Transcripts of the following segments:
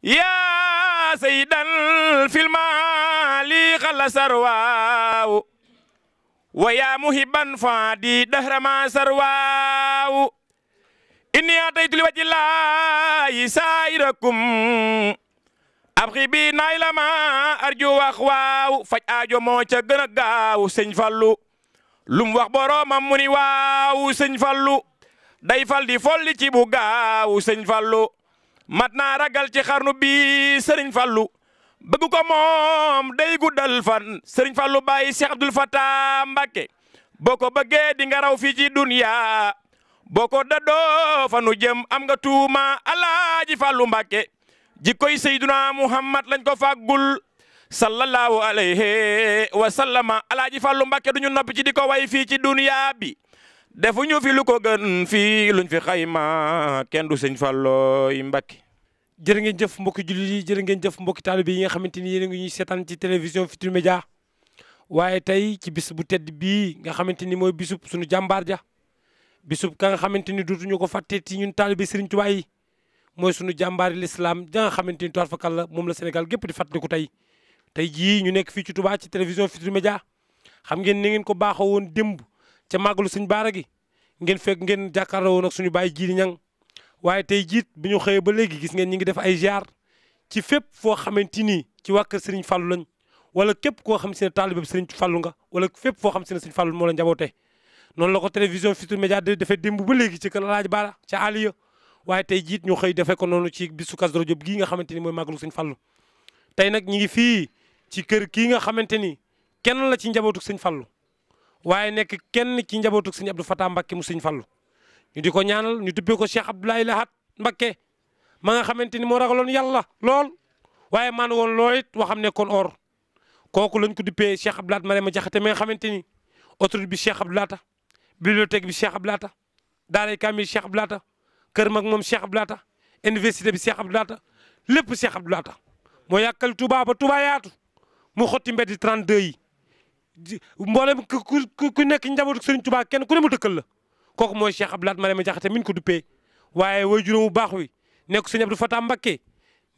yaa sayyidan fil maali xala sarwaaw wa yaa muhibban faadi dahra ma sarwaaw inni ataytu li wajhi llaahi saa'irakum abxi bi naay la ma arju wax waaw faj aajo moo ca gën a gaaw Fallu lum wax boroomam mu ni waaw sëñ Fallu day fal di folli ci bu gaaw sëñ Fallu mat na ragal ci xarnu bii Serigne fallu bëgg ko moom day guddal fan Serigne Fallou bàyyi Cheikh Abdoul Fattah Mbacké boo ko bëggee di nga raw fii ci duniya boo ko dadoo fanu jëm am nga tuuma Alaaji Fallou Mbacké jikkoy Seyduna Muhammad lañ ko fàggul sallallahu alayhi wa sallama Alaaji Fallou Mbacké duñu noppi ci di ko way fii ci duniya bi defuñu fi lu ko gën fii luñ fi xayma kendu du sëñ Fallooy Mbacké jërë ngeen jëf mbokki jullit yi jërë ngeen jëf mbokki taalibe yi nga xamante ni yéen a ngi ñuy seetaan ci télévision Futurs Médias waaye tey ci bis bu tedd bii nga xamante ni mooy bisub suñu jàmbaar ja bisub ka nga xamante ni dootuñu ko fàtte ci ñun taalibe Serigne Touba yi mooy suñu jàmbaari l'islam ja nga xamante ni toirfakal la moom la Sénégal gépp di fàttaliku tey tey jii ñu nekk fii ci Touba ci télévision Futurs Médias xam ngeen ni ngeen ko baaxoo woon démb ca màggalu suñu baara gi ngeen fekk ngeen jàkkaarloo woon ak suñu jii di ñang waaye tey jiit bi ñu xëyee ba léegi gis ngeen ñi ngi def ay ziar ci fépp foo xamante ni ci waa kër Serigne Fallou lañ wala képp koo xam si ne taalibe Serigne Fallou nga wala fépp foo xam si ne Serigne Fallou moo la njaboote noonu la ko télévision Futurs Médias di ba léegi ci kër Alaaji Baara ca Aliya tey jiit ñu xëy defee ko noonu ci bisu Kazu Rajab gii nga xamante ni mooy màggalu Serigne tey nag ñi ngi fii ci kër kii nga xamante ni kenn la ci njabootu Serigne Fallou waaye nekk kenn ci njabootu Serigne Abdou Fatah Mbacké mu Serigne Fallou ñu di ko ñaanal ñu duppee ko Cheikh Abdoulaye Lahat Mbacké ma nga xamante ni moo ragaloon yàlla lool waaye man woon looyit woo xam ne kon or kooku lañ ko duppee Cheikh Abdoulaye Mariama Jaxate ma nga xamante ni autorité bi Cheikh Abdoulaye Lahat bi Cheikh Abdoulaye Lahat daaray kaamil Cheikh Abdoulaye Lahat kër mag moom Cheikh Abdoulaye Lahat université bi Cheikh Abdoulaye Lahat lépp Cheikh Abdoulaye Lahat moo yàkkal Touba ba Touba yaatu mu xotti mbedd 32 yi mboolem ku ku nekk njabootu Serigne Touba kenn ku ne mu dëkkal la. kooku mooy Cheikh Abdou Lahad Marème Diakhaté min ko duppee waaye way juróom bu baax wi nekk sëñ Abdou Fatah Mbacké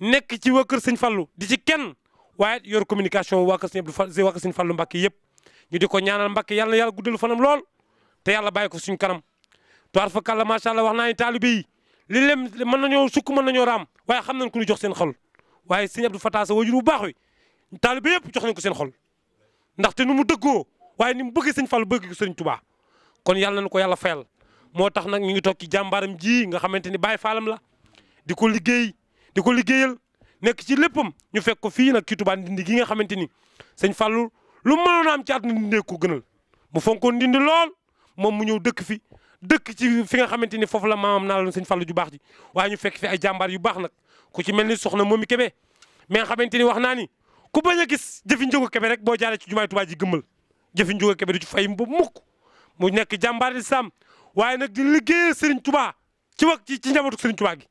nekk ci waa kër sëñ Fallou di ci kenn waaye yor communication waa kër sëñ Abdou Fatah waa sëñ Fallou Mbacké yëpp di ko ñaanal Mbacké yàlla na yàlla guddal fanam lool te yàlla bàyyi ko suñ kanam toar fa kàlla macha allah wax naa ni taalibe yi li mën nañoo sukk mën nañoo raam waaye xam nañ ku ñu jox seen xol waaye sëñ Abdou fata sa wajur bu baax wi taalibe yëpp jox nañ ko seen xol ndaxte nu mu dëggoo waaye ni mu bëggee sëñ Fallou bëgg ko sëñ Touba kon yàlla na ko yàlla fayal moo tax nag ñu ngi toog ci jàmbaaram ji nga xamante ni Baay Faalam la di ko liggéey di ko liggéeyal nekk ci léppam ñu fekk ko fii nag ci Touba Ndindi gi nga xamante ni sëñ Fallou lu mënoon a am ci àdduna Ndindi ko gënal mu fonkoon Ndindi lool moom mu ñëw dëkk fi dëkk ci fi nga xamante ni foofu la maamam naa loon sëñ Fallou ju baax ji waaye ñu fekk fi ay jàmbaar yu baax nag ku ci mel ni soxna Momi Kébé mais nga xamante ni wax naa ni ku bañ a gis jëfi Njóogu Kébé rek boo jaaree ci jumaay Touba ji gëmmal jëfi Njóogu Kébé du ci fay ba mu nekk jàmbaar di sàmm waaye nag di liggéeyal Serigne Touba ci wax ci ci njabootu Serigne Touba gi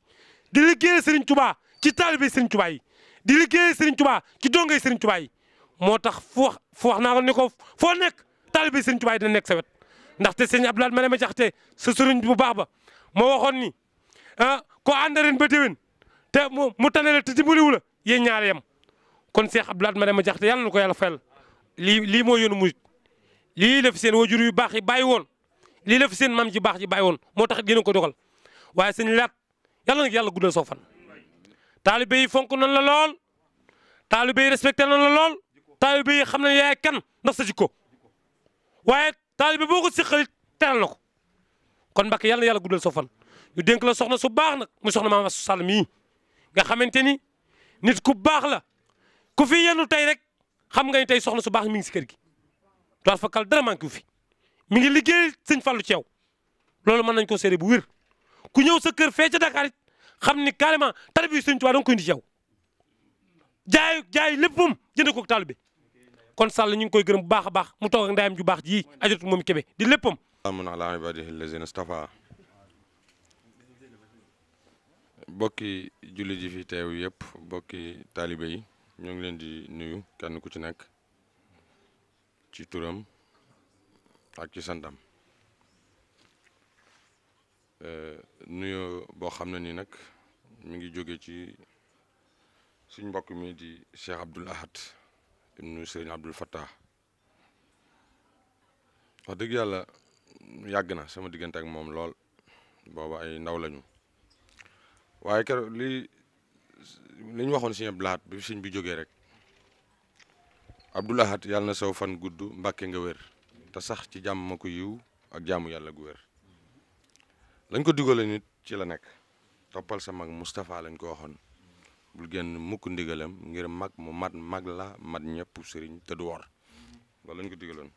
di liggéeyal Serigne Touba ci taalibe Serigne Touba yi di liggéeyal Serigne Touba ci dongay Serigne moo tax fu wax fu ni ko foo nekk taalibe Serigne Touba yi dina nekk sa wet ndaxte sëñ Abdoulaye ma Jaxate sa sëriñ bu baax ba moo waxoon ni ah koo àndareen ba déwén te mu mu tane la te dimbaliwu la yéen ñaar yem kon Cheikh Abdoulaye Malema Jaxate yàlla na ko yàlla fayal lii lii moo yoonu murit lii la fi seen wajur yu baax yi bàyyi woon lii la fi seen maam ji baax ji bàyyi woon moo tax gën a ko dogal waaye sëñ laat yàlla nag yàlla guddal soo fan. taalibe fonk nañ la lool taalibe yi respecté nañ la lool taalibe yi xam nañ yaay kan ndax sa jikko waaye taalibe boo ko siqalit teral na ko kon mbàkk yàlla na yàlla guddal soo fan ñu dénk la soxna su baax nag muy soxna maam su sàll mii nga xamante ni nit ku baax la ku fi yenu tey rek xam nga tey soxna su baax mi ngi si kër gi. daal fa kal dara manqué wu fi mi ngi liggéey sëñ fallu Thiaw loolu mën nañ ko seere bu wér ku ñëw sa kër fee ca Dakar it xam ni carrément tali bi sëñ Tuubaa da nga indi Thiaw jaay jaay léppam jënd ko taal bi kon Sall ñu ngi koy gërëm bu baax a baax mu toog ak ndayam ju baax ji ajatu moom kebe di léppam. salaamun ala ibaadihi allazina stafa bokki jullit yi fi teew yëpp bokki taalibe yi ñoo ngi leen di nuyu kenn ku ci nekk. ci turam ak ci santam euh, nuyo boo xam ne ni nag mi ngi jóge ci suñ mbokk mi di Cheikh Abdoul Ahad ibnu Serigne Fattah wax dëgg yàlla yàgg na sama diggante ak moom lool booba ay ndaw lañu waaye keroog li li ñu waxoon Serigne Abdoul Ahad bi Serigne bi jógee rek Abdou Lahad yàlla na sew fan gudd mbakke nga wér te sax ci jàmm ma ko yiw ak jaamu yàlla gu wér lañ ko digale it ci la nekk toppal sa mag Moustapha lañ ko waxoon bul génn mukk ndigalam ngir mag mu mat mag la mat ñëpp sëriñ te du wor loolu lañ ko digaloon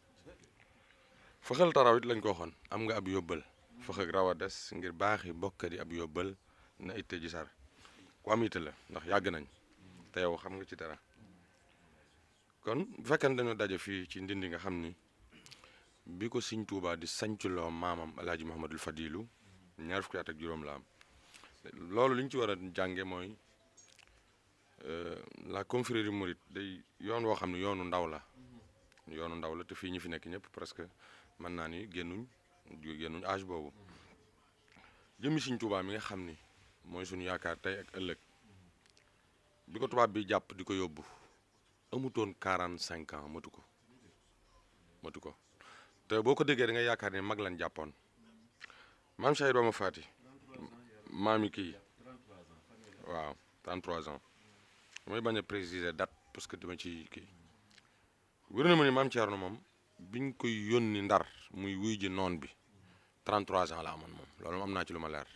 fëxal taraw lañ ko waxoon am nga ab yóbbal fëx ak raw a des ngir baaxi bokk di ab yóbbal na itte ji sar ku am itte la ndax yàgg nañ te yow xam nga ci dara kon bu fekkee ne daje fii ci ndindi nga xam ni bi ko Sëñ Tuubaa di sañculoo maamam El Hadj Mouhamadul Fadilu ñaar fukki at ak juróom la am loolu li ñu ci war a jànge mooy euh, la confrérie mouride day yoon woo xam ne yoonu ndaw la yoonu ndaw la fii ñu fi nekk ñëpp presque mën naa ni génnuñ génnuñ âge boobu jëmmi Sëñ Tuubaa mi nga xam ni mooy suñu yaakaar tey ak ëllëg bi ko tubaab bi jàpp di ko yóbbu. amutoon quarante cinq ans matu ko matu ko te boo ko déggee da nga yaakaar ni mag lañ jàppoon maam Cheikh Ibrahima Faty maami kii waaw 33 ans damay bañ a préciser date parce que dama ci kii wér na ma ni maam na moom biñ koy yónni ndar muy wuy ji noon bi 33 ans la amoon moom loolu am naa ci lu ma leer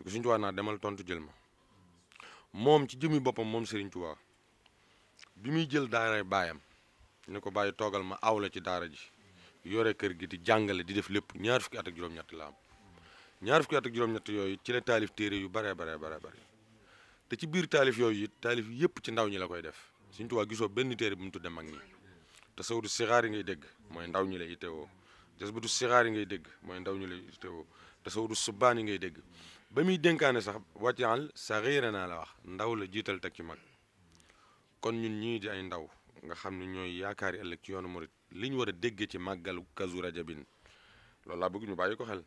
bi ko Sëriñ Tuubaa naa demal tontu jël ma moom ci jëmmi boppam moom Sëriñ Tuubaa bi muy jël daara baayam ni ko bàyyi toogal ma aw la ci daara ji yore kër gi di jàngale di def lépp ñaar fukki at ak juróom-ñett la am ñaar fukki at ak juróom-ñett yooyu ci la taalif téere yu baree baree baree bare te ci biir taalif yooyu it taalif yëpp ci ndaw ñi la koy def Sëñ Tuubaa gisoo benn téere bu mu dem mag ñi te sawdu sixaar yi ngay dégg mooy ndaw ñi lay itteewoo jasbatu sixaar yi ngay dégg mooy ndaw ñi lay itteewoo te sawdu subaan yi ngay dégg ba muy dénkaane sax wàccaal saxiira naa la wax ndaw la jiital teg ci mag kon ñun ñii di ay ndaw nga xam ne ñooy yaakaari ëllëg ci yoonu murit li war a déggee ci màggalu kazu rajabin loolu laa bëgg ñu bàyyi ko xel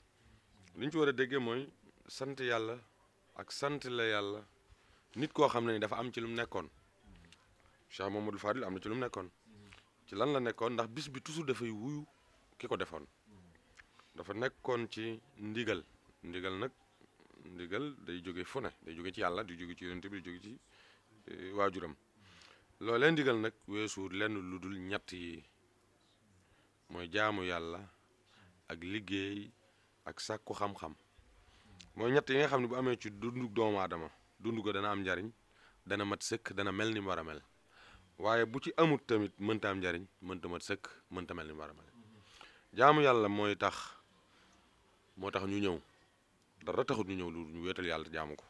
liñ ñu ci war a déggee mooy sant yàlla ak sant la yàlla nit koo xam ne ni dafa am ci lu mu nekkoon Cheikh Mamadou Fadil am na ci lu mu nekkoon ci lan la nekkoon ndax bis bi toujours dafay wuyu ki ko defoon dafa nekkoon ci ndigal ndigal nag ndigal day jóge fu ne day jóge ci yàlla di jóge ci yonent bi di jóge ci eh, waajuram loo loolee ndigal nag weesuur lenn lu dul ñett yi mooy jaamu yàlla ak liggéey ak sàkku xam-xam mooy ñett yi nga xam ne bu amee ci dundu doomu aadama dund ko dana am njariñ dana mat sëkk dana mel ni mu war a mel waaye bu ci amut tamit mënta am njariñ mënta mat sëkk mënta mel ni mu jaamu yàlla mooy tax moo tax ñu ñëw dara taxut ñu ñëw lu ñu wéetal yàlla jaamu ko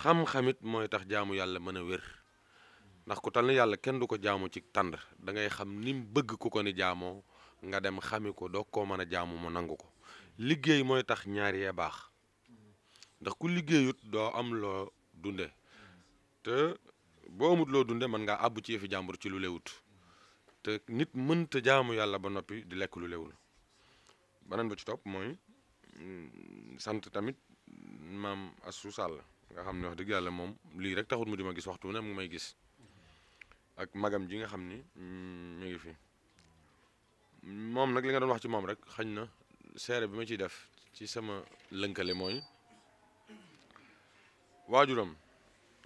xam-xamit mooy tax jaamu yàlla mën a wér ndax ku tal ni yàlla kenn du ko jaamu ci tànd dangay xam ni bëgg ko ko ne jaamoo nga dem xami ko doo koo mën a jaamu mu nangu ko liggéey mooy tax ñaar yee baax ndax ku liggéeyut doo am loo dunde te boo amut loo dunde mën ngaa àbb ci yëfi jàmbur ci lu lewut te nit mënta jaamu yàlla ba noppi di lekk lu lewul beneen bu ci topp mooy mm, sant tamit maam Astou Sall nga xam ne wax dëgg yàlla moom lii rek taxut mu di ma gis waxtu ne mu ngi may gis ak magam ji nga xam ni ñu mm, ngi fi moom nag li nga doon wax ci moom rek xañ na seere bi ma ci def ci sama lënkale mooy waajuram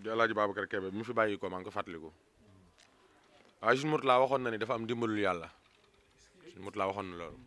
di Alaaji Babacar Kebe bi mu fi bàyyi ko maa ngi ko fàttaliku waaye suñu mut laa waxoon na ni dafa am dimbalul yàlla suñu mut laa waxoon na loolu